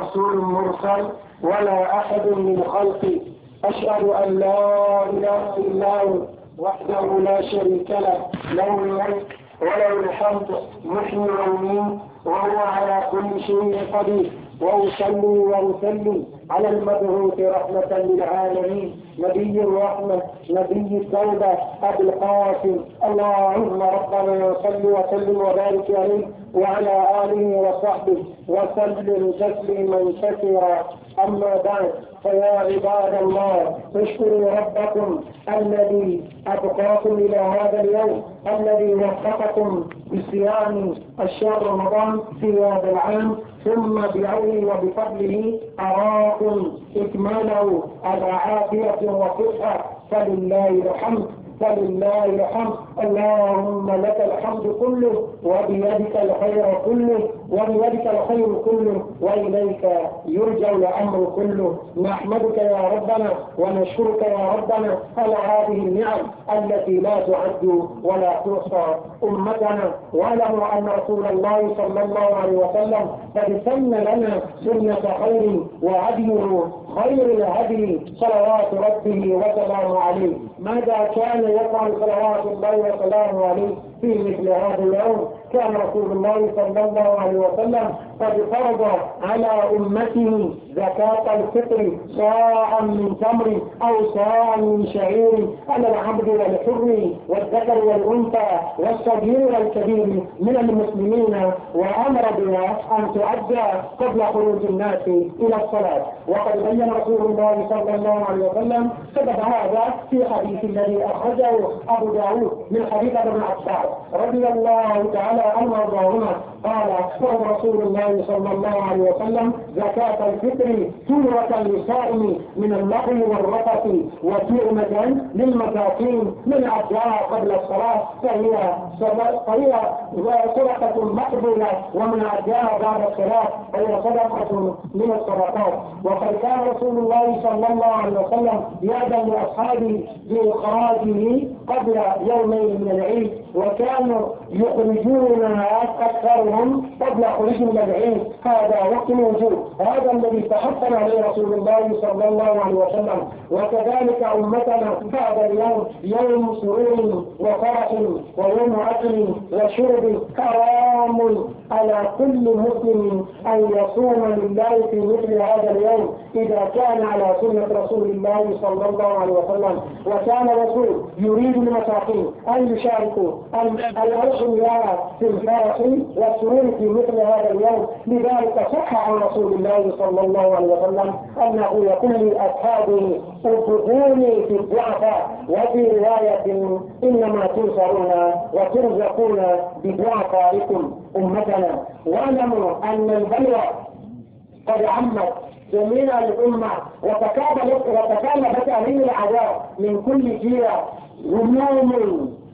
رسول مرسل ولا أحد من خلقي أشهد أن لا إله إلا هو وحده لا شريك له له الملك وله الحمد محيي ويميت وهو على كل شيء قدير وأصلي وأسلم على المبعوث رحمة للعالمين نبي الرحمة نبي التوبة أبي القاسم اللهم ربنا صل وسلم وبارك عليه وعلى آله وصحبه وسلم تسليما كثيرا أما بعد فيا عباد الله اشكروا ربكم الذي أبقاكم إلى هذا اليوم الذي وفقكم بصيام الشهر رمضان في هذا العام ثم بعونه وبفضله أراكم إكماله على عافية وصحة فلله الحمد فلله الحمد اللهم لك الحمد كله وبيدك الخير كله وبذلك الخير كله وإليك يرجع الأمر كله نحمدك يا ربنا ونشكرك يا ربنا على هذه النعم التي لا تعد ولا تحصى أمتنا واعلموا أن رسول الله صلى الله عليه وسلم قد سن لنا سنة خير وهديه خير الهدي صلوات ربه وسلامه عليه ماذا كان يفعل صلوات الله وسلامه عليه في مثل هذا اليوم كان رسول الله صلى الله عليه عليه وسلم قد فرض على أمته زكاة الفطر صاعا من تمر أو صاعا من شعير على العبد والحر والذكر والأنثى والصغير والكبير من المسلمين وأمر بها أن تؤدى قبل خروج الناس إلى الصلاة وقد بين رسول الله صلى الله عليه وسلم سبب هذا في حديث الذي أخرجه أبو داود من حديث ابن عباس رضي الله تعالى عنه وارضاهما قال قال رسول الله الله صلى الله عليه وسلم زكاة الفطر سورة للصائم من اللغو والرفث وسورة للمساكين من أطلاع قبل الصلاة فهي فهي صدقة مقبولة ومن أداها بعد الصلاة فهي صدقة من الصدقات وقد كان رسول الله صلى الله عليه وسلم يأذن لأصحابه بإخراجه قبل يومين من العيد وكانوا يخرجون أكثرهم قبل خروجهم من العيد التابعين هذا وقت الوجود هذا الذي تحصل عليه رسول الله صلى الله عليه وسلم وكذلك أمتنا بعد اليوم يوم سرور وفرح ويوم أكل وشرب حرام على كل مسلم أن يصوم لله في مثل هذا اليوم إذا كان على سنة رسول الله صلى الله عليه وسلم وكان الرسول يريد المساكين أن يشاركوا ان الأغنياء في الفرح والسرور في مثل هذا اليوم لذلك صح عن رسول الله صلى الله عليه وسلم أنه يقول لأصحابه ارفضوني في الضعف وفي رواية إنما تنصرون وترزقون بضعفائكم أمتنا واعلموا أن البلوى قد عمت جميع الأمة وتكابلت وتكالبت اهل الاعداء من كل جيره هموم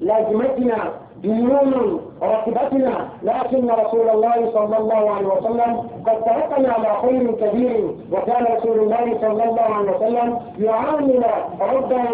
لازمتنا ديون عاقبتنا لكن رسول الله صلى الله عليه وسلم قد تركنا على خير كبير وكان رسول الله صلى الله عليه وسلم يعامل ربه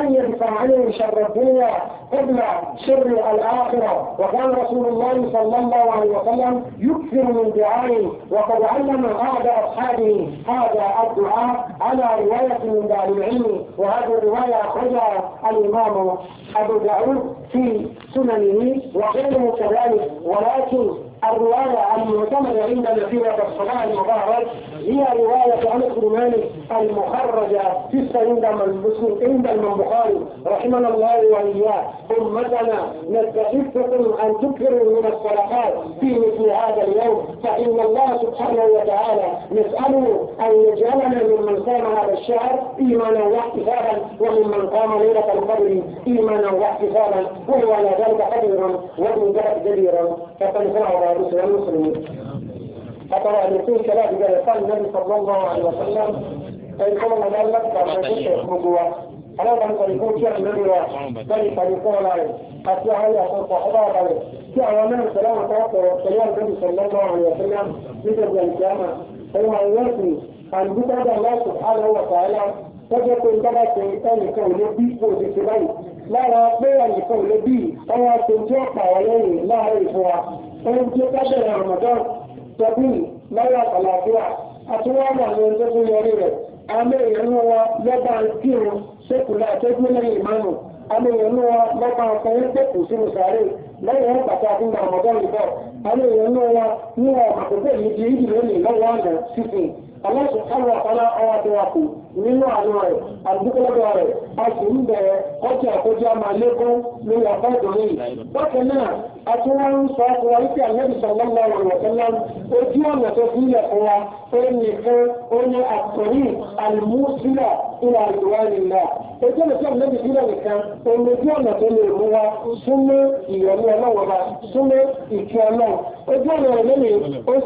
ان يدفع عنه شر الدنيا قبل شر الاخره وكان رسول الله صلى الله عليه وسلم يكثر من دعائه وقد علم احد اصحابه هذا الدعاء على روايه من دار العلم وهذه الرواية أخرجها الإمام أبو داود في سننه وغيره كذلك ولكن الرواية عن المؤتمر عند في الصلاة المبارك هي رواية عن الكرماني المخرجة في من المسلم عند البخاري رحمنا الله وإياه أمتنا نستحقكم أن تكثروا من الصلاحات في مثل هذا اليوم فإن الله سبحانه وتعالى نسأله أن يجعلنا ممن قام هذا الشهر إيمانا واحتسابا وممن قام ليلة القدر إيمانا واحتسابا وهو على ذلك قدير ذلك جديرا فتنفعنا مسلم المسلمين فطبعا يكون كلام إذا يقال النبي صلى الله عليه وسلم فيكون مدال لك فيكون مجوة أنا أن فيكون شيخ النبي بل فيكون عليه حتى هي أصول صحبة عليه في أوامر سلام توقع وكلام النبي صلى الله عليه وسلم يجب القيامة فهو أن يأتي أن يتعدى الله سبحانه وتعالى tọ́jọ́ pé bábá ṣe ẹnìkan ò lè bí òdì sí báyìí lára pé ẹnìkan ò lè bí ọwọ́ tó jẹ́ ọ̀pá ọ̀lẹ́yìn láàárín fún wa ẹni tí ó bá bẹ̀rẹ̀ Ramadan tọ́bí lọ́wọ́ àlàáfíà àti wọ́n wà ní ẹgbẹ́ tó yọrí rẹ̀ àmì ìrìn wọn lọ́ba kírun ṣèkùnlá àtẹ́jú lẹ́yìn ìmánu àmì ìrìn wọn lọ́ba ọkùnrin pẹ̀kù sínú sàárè lẹ́yìn wọn pàtó àfihàn Ramadan ìbọ̀ àmì ìrìn wọn ní wọn àkókò yìí di ìdílé lọ́wọ́ àná sísìn aláṣẹ káwọn ọlá ọwọ́ tó wà kù nínú àánú rẹ̀ àdúgbòlọ́dọ̀ rẹ̀ a sì ń bẹ̀rẹ̀ ọjà àkójọ máa lékún lórí ọkọ̀ ìdòwé yìí. bákan náà a tún wá ń sọ fún wa wípé àlẹ́ ìṣọ̀lá ń lọ ọ̀rọ̀ ọ̀sánlá ojú ọ̀nà tó fi ilẹ̀ fún wa ó ní fún ó ní àkọ̀rí àlùmúsílà ìlà ìwà ìlà ojú ọ̀nà tí a lẹ́bi sílẹ̀ nìkan omi ojú ọ̀nà tó lè mú wa súnmọ́ ìyọ̀nù ọlọ́wọ́ wa súnmọ́ ìkí ọlọ́wọ́ ojú ọ̀nà rẹ̀ lónìí ó ń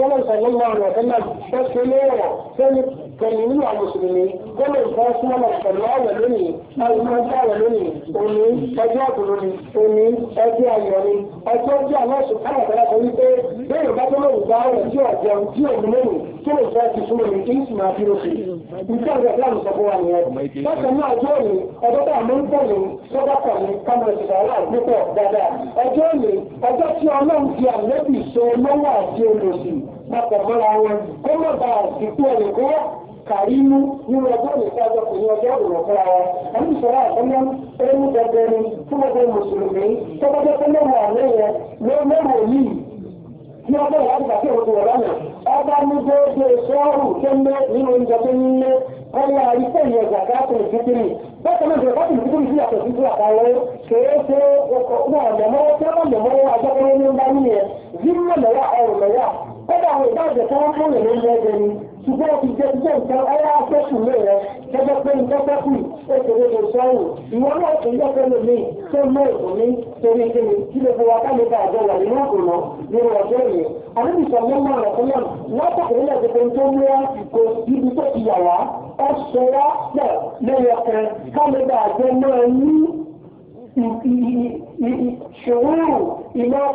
sọ́lọ́ sẹ́ni nínú àwọn mùsùlùmí gbọ́dọ̀ nǹkan súnmọ́ lọ pẹ̀lú àwẹ̀ lónìí àìmọ́ ọjọ́ àwẹ̀ lónìí òní ọjọ́ àbúrò ni òní ọjọ́ ayọ̀ ni ọjọ́ bí aláṣọ káwọn ọ̀gá sọ wípé bẹ́ẹ̀ yóò bá tó lóòrùn bá ọ̀rọ̀ tí ọ̀jẹ̀ tí òun lónìí tí òun fẹ́ ti fún mi kí n sì máa fi ròkè ìjọ ìjọ ìjọ sọ fún wa nìyẹn bákan náà ọjọ́ òní ọjọ́ tá a mú ń bọ̀ ní sọ́dọ̀ kan ní kámẹ́rẹ́ ti sàrà nípò dáadáa ọjọ́ òní ọjọ́ tí ọlọ́run ti àlẹ́bì so lọ́wọ́ àti olòsì papọ̀ mọ́ra wọn kó má ba àsìkò rẹ̀ kó kàrí mú nínú ọjọ́ ìsájọ kò ní ọjọ́ ìrọ̀ fúnra wọn. àmì ìṣòro àtọ́nà ẹni ni fún ọjọ́ mùsùlùmí tó bá jẹ́ pé mẹ́rin àlẹ́ yẹn ló mẹ́rin òní ní ọjọ́ ìwádìí bàtí òun ti wọ̀ lọ́nà ọba ní déédéé sọ́ọ̀rù tó nínú oúnjẹ tó ń lé ọlá gbàgbá tó bákan náà tó sí kódà àwọn ìbáàjẹ́ tó wọ́n múlẹ̀ lórí ẹgbẹ́ ni ṣùgbọ́n ti jẹ́ jẹ́ nǹkan ọwọ́ afẹ́kù lé rẹ gẹ́gẹ́ pé nǹkan fẹ́kù òkèrè lè sọ́rùn ìwọ náà tó yẹ fẹ́ lómi tó mọ ìdùnmí torí kí ni kí lè fi wá kálí bá àjọ wà nínú ìdùnnà nínú ọjọ́ yìí àdébì sọ mọ́ máa rẹ̀ fún náà látàkì nílẹ̀ tuntun tó mú wá kò ibi tó ti yà wá ọ̀ṣọ́ wá pọ̀ lẹ́yọ̀kẹ́ kálí bá àjọ náà ní ìṣòwò ìmọ̀ ọkùnrin náà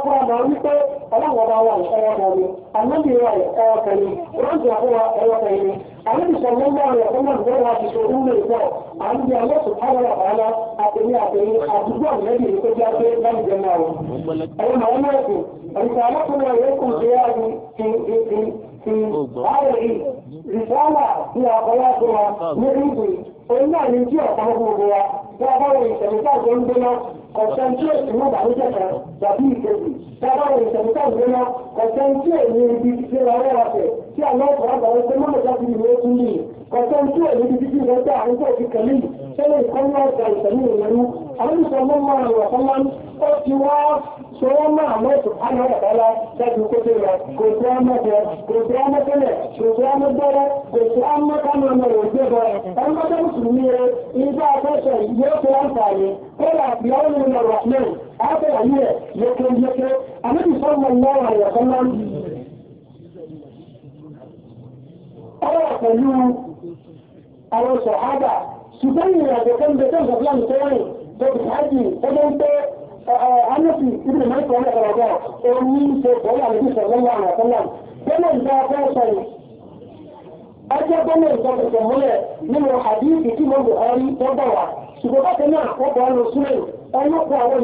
wípé ọlọ́wọ́ba wa ìṣọwọ́ náà ni àlọ́bì wa ẹ̀kọ́ ọ̀fẹ́ ni rọ́ọ̀dì àwọn wa ẹ̀rọ ọ̀fẹ́ ni àlọ́bì sọ̀rọ̀ lọ́wọ́ ti ìpọ̀ dáadáa wo ìṣẹ̀lẹ̀ táwọn ń gbéná concentrate ní ìbànújẹ́ kan tàbí ìkejì dáadáa wo ìṣẹ̀lẹ̀ táwọn ń gbéná concentrate ní ibi tí wọ́n rẹ̀ wáṣẹ̀ tí àwọn ọkọ̀ ọgbà wọn pé mọ́mọ́ jáde ní ìwé tún yìí concentrate ní ibi tí wọ́n tẹ àwọn tó ti kẹ́lí sẹ́lẹ̀ ìkọ́nú ọ̀gá ìṣẹ̀lẹ̀ àlùsọ mọ́mọ́ àwọn ọ̀pọ̀lọ́ ó ti wá ṣe wọ́n máa mọ́ ètò àmọ́ ọ̀pọ̀lọ́ lẹ́bi kókó lọ kò sí ọmọdé kò sí ọmọdélẹ̀ kò sí ọmọdélẹ̀ kò sí ọmọdélẹ̀ ọmọ rẹ̀ gbé bọ́ ọmọdé mùsùlùmí rẹ̀ ilé afẹ́fẹ́ yóò fi àǹfààní kó lọ àbí ọ́n ní ọ̀rọ̀ náà ápẹ́ àyè rẹ̀ yékéyéké àlùsọ mọ́mọ́ pẹ̀lú àwọn sọ̀hábà ṣùgbọ́n ìrìn kan bẹ tó ń tóbi hajj tóbi ń pé anẹ́sì ibi ìmọ̀ ìtọ́ ọ̀nà ọ̀rọ̀ náà ó ní ṣe pẹ̀lú àlejò sọ̀rọ̀ lọ́wọ́ àwọn àtọ́lá gbọ́dọ̀ ìgbà ọkọ̀ sọ̀rọ̀ ọjọ́ gbọ́dọ̀ ìgbà ọkọ̀ múlẹ̀ nínú àdíyìí tí mo lò ọrí tọ́gbọ̀ wá ṣùgbọ́n bákan náà ọkọ̀ ọ̀nà sílẹ̀ ọlọ́pọ̀ àwọn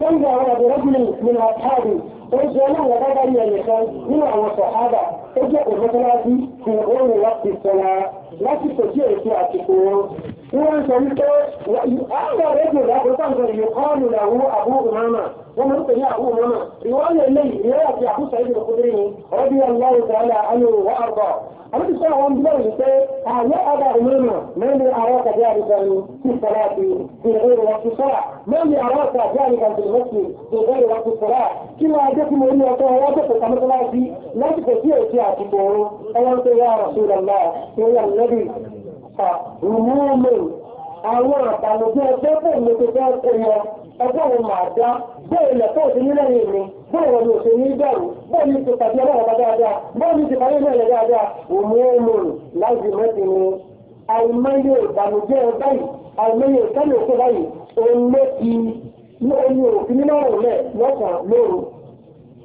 ọ̀dọ́ rẹ́gbìn nínú àtàdù oúnjẹ náà wọ́n bá dárí ẹ̀yẹ̀ kan nínú àwọn sọ̀hádà ó jẹ́ òmọ́tọ́lábí fún oòrùn láti sọ́ra lásìkò tí èsì àtìkò wọn. Wọ́n ń sọ wípé àwọn rédíò lápẹ́sà ń sọ ìlú kọ́ọ̀lù làwú Abu Umama. Wọ́n mọ̀ ń pè ní Abu Umama. Ìwọ́n lè lè ìrẹ́ àti ìdìbò kúndínlẹ̀ ọdún àgbà. النبي صلى الله عليه وسلم يقول أبا أمينة من أراك ذلك في الصلاة في غير وقت الصلاة من أراك ذلك في المسجد في غير وقت الصلاة كما أجت مريم وقال واجب كما تلاقي لا تكفي أشياء تقول قلت يا رسول الله يا النبي عموما أولا تعالوا جاء سفر لتفاقية ẹgbẹ́ òun máa dá bẹ́ẹ̀ lẹ̀ fún òsì nílẹ̀ yìí ni bẹ́ẹ̀ wọ́n ní òsì ní bẹ̀rù bẹ́ẹ̀ ní ti pàdé ọlọ́run bá dáadáa bẹ́ẹ̀ ní ti pàdé ìmọ̀lẹ̀ dáadáa òun ó lò láti mẹ́tì ni àìmọye ìbànújẹ́ báyìí àìmọye ìkẹ́lẹ̀ òkú báyìí òun ló ti ní omi òfin nínú ọ̀rọ̀ lẹ̀ lọ́sàn lóru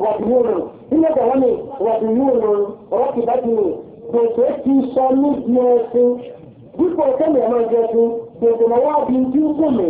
wàdìyóòrò nígbà tí wọ́n ní wàdìyóòrò rọ́kìbátìmì gbèsè ti sọ ní bí ẹsìn dípò kẹ́mi ẹ̀ máa jẹ́ sí gbèsè náà wá bí ń kùn mí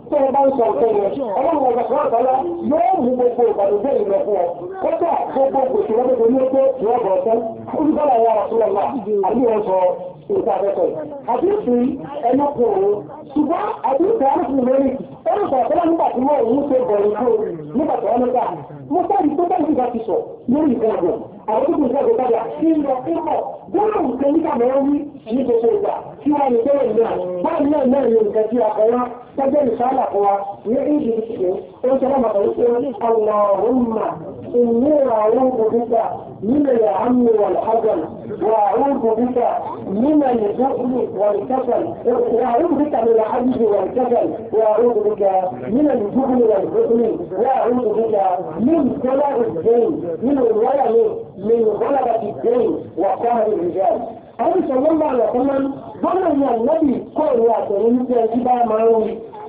tó o bá ń sọ nǹkan yẹn ọlọ́run ọ̀gá kan àtàlá yóò mú gbogbo ìbànújẹ́ ìlọ fún ọ kọ́tà gbogbo gbèsè wọn gbogbo ní ó pé ìwọ bọ̀ ọ̀sán olùkọ́lá ìwà àtúnlọ̀ náà àbí wọn sọ nǹkan afẹ́fẹ́ àdéhùn ẹnu kò ó ṣùgbọ́n àdéhùn arákùnrin lórí ó ń sọ nígbà tí wọ́n ń ṣe bọ̀ ìgbó nígbà tí wọ́n ń mo sáré tó bá ìgbà ti sọ lórí ìgbà àwọn tó kù sí ọ̀gbọ̀n padà kí n lọ fún ọ gbọ́dọ̀ nǹkan nígbà mẹ́rin ní gbogbo ìgbà tí wọ́n ń gbẹ́rẹ̀ náà báyìí náà náà ní nǹkan tí a kọ́ wá tọ́jú ìṣáàlà المأوى يعيد باسمه قلت لما يقول اللهم إني أعوذ بك من العم والحزن وأعوذ بك من البخل والكسل وأعوذ بك من العجز والكسل وأعوذ بك من الجبن والبخل وأعوذ بك من كلى الدين من الولد من غلبة الدين وقهر الرجال أبي صلى الله عليه وسلم ظن أن النبي كل واحد من الناس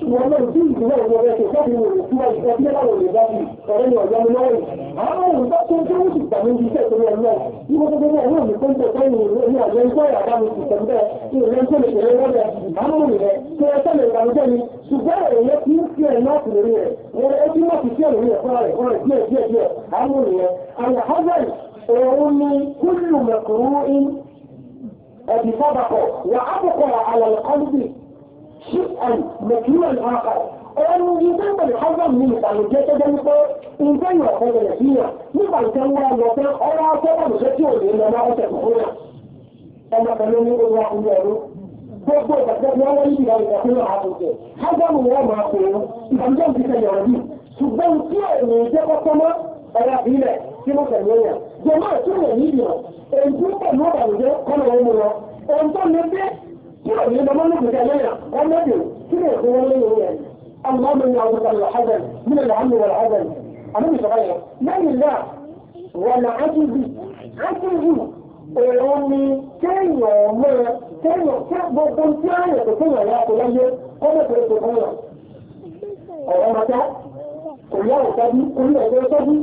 ṣùgbọ́n náà tí ìgbìmọ̀ ìwọ̀n rẹ̀ ṣe fẹ́ ìwọ̀n tí wọ́n ṣe fẹ́ láwọn olè dájú ọ̀rẹ́ ni ọ̀yọ́ mi lọ́wọ́ yìí àwọn olùkọ́ tó ń tó ń sì gbà ní iṣẹ́ ìpínlẹ̀ náà ní wọ́n tó gbogbo àwọn olùkọ́ ń tẹ̀ fẹ́ ìwọ̀n ní àjọ iṣẹ́ ìyàbá mi sì tẹ̀ bẹ́ẹ̀ ní ìlú tó lè ṣẹlẹ̀ wọ́n rẹ̀ àmọ́ rẹ̀ tó ẹ sẹ́lẹ̀ ìbànújẹ́ ni ṣùgbọ́n èyí tí ń fi ẹ̀ náà kùnrin rẹ̀ wọ́n ẹ tí wọ́n ti fi ẹ̀rù rẹ̀ fúnra rẹ̀ fúnra rẹ̀ díẹ̀ díẹ̀ díẹ̀ àmọ́ rẹ̀ àwọn hazard òun ni kúlù mẹ̀kúrú in ẹ̀dì sábàkọ̀ wà á bùkọ̀ àlàlẹ̀ kọ́ńtì شيئا مكيلا اخر ẹnu ilé pẹ̀lú ọgbọ̀n mi nípa ló jẹ́ tọ́jọ́ wípé nǹkan ìwà kan bẹ̀rẹ̀ sí yàn nípa nǹkan wá lọ pé ọwọ́ akọ́kọ́ lòṣẹ́ tí ò lè lọ máa ọ̀sẹ̀ fún yàn. ọmọ pẹ̀lú ní owó akúlẹ̀ ẹ̀rú gbogbo ìgbàgbọ́ ni wọ́n yíyá ìgbà fún yàn àtúntò ọgbọ̀n wọn máa pè é ìgbàgbọ́ ti ṣẹlẹ̀ ọ̀rọ̀ yìí ṣùgbọ́n tí èèyàn jẹ́ kọ́kọ́ mọ́ ọ̀rọ̀ ìbílẹ̀ tí mo fẹ̀ lóyà jọ̀mọ́ tí mo yí yàn èyí tó pẹ̀lú ọ̀bàlùjẹ́ kọ́nà ọmọ wọn ohun tó lè dé tí ò ní lọ mọ́ lókùnjẹ́ lóyà النبي كده هو اللي يعني اللهم اني اعوذ الحزن من الهم والحزن انا مش غير لا لله ولا عجزي عجزي òun ni kéèyàn mọ́ kéèyàn kí gbogbo tí a yẹ̀ tó kéèyàn yá kó láyé kọ́mọ̀ tó tó fún yàn. ọ̀rọ̀ màtá kò yá ò tọ́jú orí ẹ̀gbẹ́ tọ́jú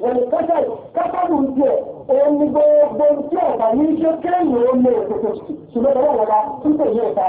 wọ́n ni kọ́sẹ̀ kọ́sẹ̀lù ń tiẹ̀ òun ni gbogbo tí ọ̀gá ní iṣẹ́ kéèyàn ó lé òkòtò ṣùgbọ́n ọwọ́ wọn la ń tẹ̀lé ẹ̀ta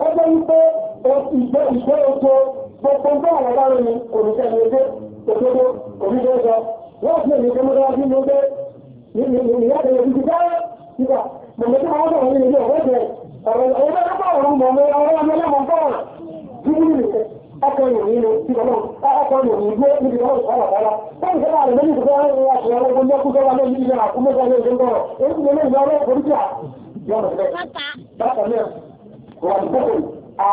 ó wípé ìgbẹ́ ìgbẹ́ oko gbogbo ń àwọn ọlọ́run ni kò ní sẹ́yìn ojú òdodo òdodo sọ wọ́n fi èmi kí mo dára sí ní ojú ìyá ìyá ìdí dára nípa mọ̀mọ́ tí wọ́n bọ̀ nínú ilé ọ̀rẹ́ jẹ ọ̀rọ̀ ọ̀rẹ́ lọ́pọ̀ ọ̀rọ̀ mọ̀ ọ̀rẹ́ ọmọ ẹlẹ́mọ̀ bọ̀ kíkúrú nìkan ọkọ̀ ìròyìn ló ti bọ̀ náà ọkọ̀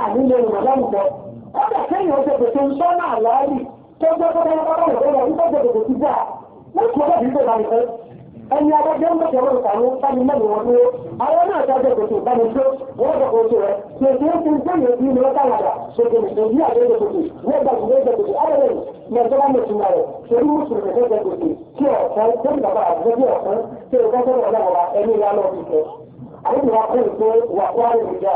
ànílé ìwọ̀n láwùjọ. Kọ́dà kẹ́yìn ọjọ́ kò tó ń tọ́ náà láàárí tó ń gbọ́dọ̀ bá wọn bá wọn lọ́wọ́ tó gbọ́dọ̀ ti gbà. Wọ́n ti ọlọ́bì tó bá mi fẹ́. Ẹni adájọ́ ń bọ̀tẹ̀ wọn kàánú báni mẹ́rin wọn dúró. Àwọn náà dájọ́ kò tó bá mi tó wọ́n dọ̀ kò tó rẹ̀. Kèké ń fún sẹ́yìn òbí ni wọ́n kàlàdà. Ṣèké ìṣèlú àdéjọ́ kò tó. Wọ́n gbà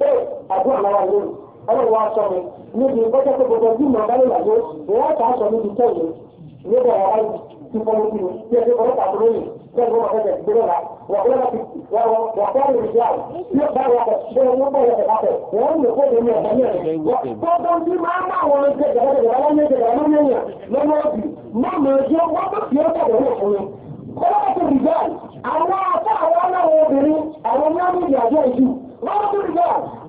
bẹ́ẹ̀ àdúrà lára lónìí ọlọ́run wa sọ mi níbi ìkọ́jọ́ pé gbogbo bí màá dálé làgbé ìyá ìta sọ níbi tẹ́lẹ̀ níbẹ̀ ọ̀rá yìí ti fọwọ́ sí mi bí ẹgbẹ́ ọlọ́pàá tó lóyìn bẹ́ẹ̀ ló máa fẹ́ gbẹ́rẹ́ la wàhálà ti wàhálà lè wọ́n wọ́n lè kó lómi ọ̀gá ní ẹ̀rẹ̀ gbogbo bá àwọn ẹgbẹ́ ìgbàlódé wọ́n bọ̀ wọ́n àwọn wọ́n tún yọ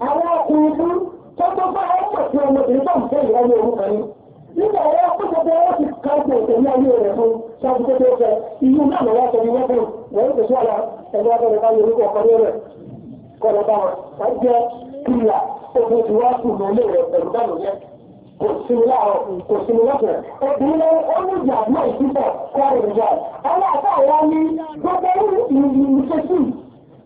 àwọn ọkùnrin fún tọ́tọ́ bá ọ́ pẹ̀ sí ọmọbìnrin tó ń fẹ́ ìyá ní orúkọ yín. nígbà wọn ó gbogbo wọn ti ka ọgbọ òkè ní ayé rẹ fún ṣáàbù tó tó fẹ ìlú náà lọ́wọ́ sọ ní wọ́n fún wọn ó tẹ̀síwá la ẹgbẹ́ abẹ́rẹ́ bá yẹ orúkọ ọkọ rẹ kọlọ bá wọn ká jẹ kíyà ogun tí wọ́n kù ní ilé rẹ pẹ̀lú bá lòyẹ kò sinmi láàrọ̀ kò sinmi lọ́sẹ̀ obìnrin ó ní ìjà náà ìtúbọ̀ kọ́ ọ̀rọ̀ ìjà àwọn àbá wa ní gbogbo ìṣesí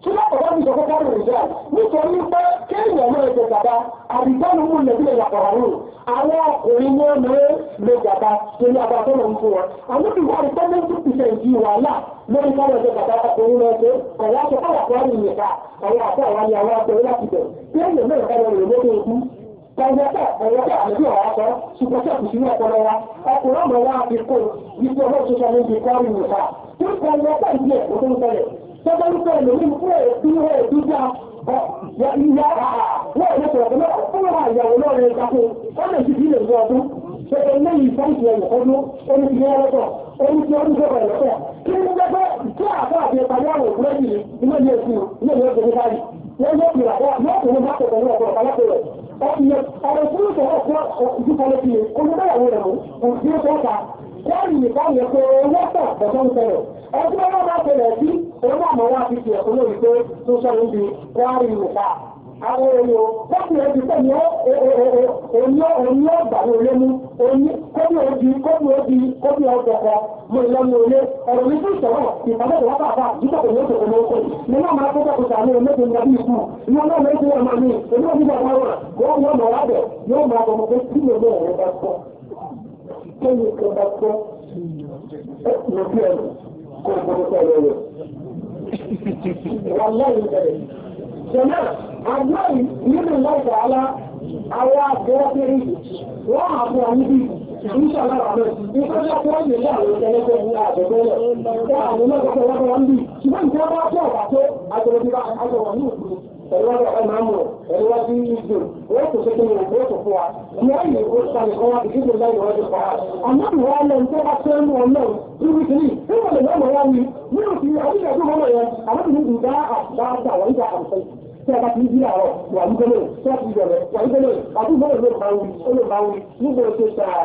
tí wọ́n bọ̀ wọ́n sọ̀kọ́ kárí ìjà nítorí pé kéèyàn náà ṣe bàbá àdìgbọ́nù mú lẹ́bí ìyàpọ̀ àrùn àwọn ọkùnrin ní ọmọ lè bàbá torí àbá tó lọ ń fún wọn. àwọn ìwà àdìgbọ́ méjì pìṣẹ̀ ìdí wàhálà lórí káwọn ṣe bàbá ọkùnrin náà ṣe ọ̀wá ṣe káwà kọ́rí ìyẹ̀ká àwọn àti àwọn ni àwọn akọ̀wé láti bẹ̀ kéèyàn náà káwọn rè lóde ikú Kọ̀wọ́tọ̀ ọ̀wọ́tọ̀ àlejò ọ̀wá sọ, ṣùgbọ́n tí àkùsí ní ọpọlọ wa, ọkùnrin ọmọ wa fi kó ibi ọmọ ìṣẹ́ṣẹ́ ní ibi kọ́rin nìkan. Tí kọ̀wọ́tọ̀ ìdí ẹ̀kọ́ tó ń tẹ̀lẹ̀, tọ́jọ́ wípé ẹlòmí mú ẹ̀ bí ẹ̀ bí já ìyá wọ́n ẹ̀ lọ́pọ̀ ọ̀pọ̀ náà ó wà ìyàwó náà rẹ̀ dákú wọ́n lè fi lè gbọ́ ọdún ṣẹ̀ṣẹ̀ ilé yìí fọ́ǹtì ẹ̀yìn ọdún orí ti yẹn lọ́pọ̀ orí ti ọdún tó bẹ̀rẹ̀ lọ́pọ̀ kí ni gbogbo tí àbá àti ìpàdé àwọn òkúrẹ́ yìí ilé ní èsì ilé ní èsì báyìí wọ́n yóò fi ràpọ̀ yóò fi ní bá ní ọ̀pọ̀ ọ̀pọ̀ rẹ̀ ọ̀pìyẹ ọ̀rọ̀ fún ìṣòro ọ̀pọ̀ ìdíkọ̀lẹ́fì olùdáyàwó rẹ̀ mú òṣìṣẹ́ tó ta wọ́n yìí bá yẹ pé owó àtẹ̀tẹ̀ ń tẹ̀lẹ̀. ẹgbẹ́ wọn bá tẹ̀lẹ̀ sí òun náà mọ̀ wá fi na ẹ̀kọ́ lórí pé tó sọ níbi wárí nìta. àwọn èèyàn bọ́ọ̀lù ẹbí pẹ̀ ní ní olé mú kóbi mo fi ẹ̀ kó o gbọ́dọ̀ sọ ọ̀rọ̀ rẹ̀. Wàláyé bẹ̀rẹ̀. Jọ̀nà àgbọ̀ yìí nínú lọ́sọ̀ alá àwọn àgbẹ̀wọ́pẹ̀rẹ̀ wọ́n àbọ̀ àwọn ibi ìṣẹ́ alára rẹ̀. Ìfẹ́ bá wọ́n lè lé àwọn ìṣẹ́lẹ́gbẹ̀ ní àgbẹ̀gbẹ̀ rẹ̀. Wọ́n àwọn ọmọ ìṣẹ́lẹ́gbẹ̀ wọn bí. Ṣùgbọ́n ìjọba bọ̀ wà tó àjọ̀rọ̀ pẹ̀lú ọ̀dọ̀ ọ̀nàmọ̀ pẹ̀lú ọdí ìjò wọ́n tó ṣẹ́kẹ́ yẹn wọ́n tó fún wa ní ọ̀yẹ̀ ìwé sọ̀rọ̀ kan wá ìdíje lẹ́yìn ọdún pa àmọ́ ìwọ ọlẹ́ tó bá tẹ́ ń wọn náà irú ti ní tí lè lọ́mọ wá ní nínú àwùjọ tó mọ́mọ́ yẹn àwọn ìlú ìdá àbáta wọ́n ìdá àbùsọ̀ tí a bá ti di àárọ̀ wà nígbẹ́lẹ̀ tí a ti bẹ̀rẹ̀ wà nígbẹ́lẹ̀ àdúgbò lè máa wí lè máa wí nígbà tó ṣàà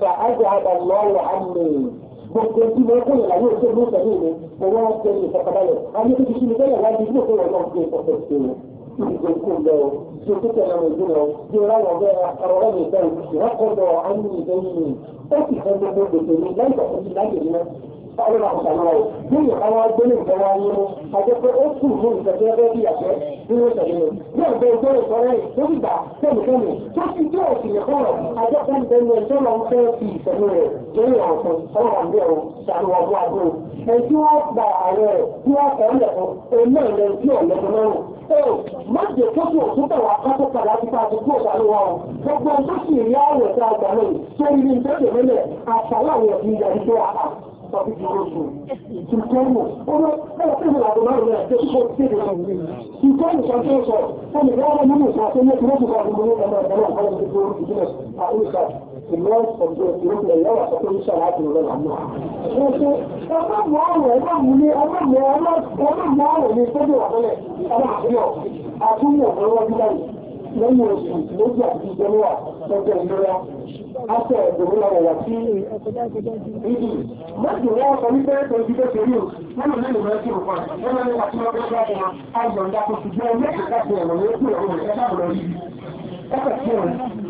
ṣàà àjọ àbàlọ́ wà á nìyẹn gbogbo tí mo kó ìlànà òṣèlú ní ìtẹ̀lé mi mo wá ṣe ìfọ̀kànbalẹ̀ ayé tó ti ṣe mi tẹ́lẹ̀ wá di ilé ìfowópamọ́ náà ṣe ìfọ̀kàn ṣe o lọ o ṣe tó tẹ̀lé mi jù lọ ṣe láwọn ọ̀gá ọ̀rọ̀ mi bẹ́ẹ̀ ìwọ́kọ̀dọ̀ ayé mi bẹ́ẹ̀ mi ó sì fẹ́ gbogbo gbèsè mi láì sáré máa ṣàlùwà bí nǹkan wá nǹkan wá yín mú àti pé ó kù mú nǹkan tí wọ́n fẹ́ bí àjẹ́ nínú bí ọ̀gbẹ́ ìgbẹ́ ìṣọ́ rẹ̀ tó ti gbà kẹ́mìkẹ́mì tó ti jẹ́ òṣìlẹ̀ fún àjọ kan bẹ ní ẹjọ́ lọ fẹ́ fi ìṣẹ̀lẹ̀ rẹ̀ lórí ọ̀sán ọ̀rọ̀ àbí ọ̀rọ̀ ṣàlùwà bó àbúrò ẹni tí gba ààrẹ rẹ̀ tí wọ́n kọ́ lẹ̀kọ́ ẹ̀mọ́ ẹ̀rẹ́ má jẹ́ kókò òtútọ̀ wà kákó padà ti pa àdúgbò ìdálówà o gbogbo ohun sì rí àwọ̀ tá a gbà lóyún ní ìtọ́jú mẹ́lẹ̀ àṣà láwọn ìyàwó tó wà á fatidiloso tukọ́nù ọmọ ẹ̀kọ́ àwọn márùn-ún àti ẹ̀kọ́ tèèrè tukọ́nù sàtọ́sọ ọmọ ìwọ́n wọn nínú ìfàṣẹ ní ìlú ìfàṣẹ ní ọmọ ẹ̀kọ́ àwọn ìdíjọ́ ìdíjọ́ àríkà ìlọ́ọ̀ ọ̀dọ́ ìlú ẹ̀yà wà sọ́kọ́ ìṣà láti rẹ̀ wà náà. Ẹ̀ṣẹ̀ ọlọ́mọ ọ̀rọ̀ ẹ̀dá mú ní ọlọ́mọ ọ̀rọ̀ ní tó dé wà tẹ́lẹ̀ ọlọ́mọ àtúnyọ̀ ọ̀rọ̀ ọdún láyìí lẹ́yìn oṣù méjì àti ìjọba lọ́jọ́ ìlera afẹ́ ìdòwò wà sí ìdí. Mọ́tò wọ́n sọ wípé ojú tó ṣe o, wọ́n lè lè rẹ̀ sí òkú àti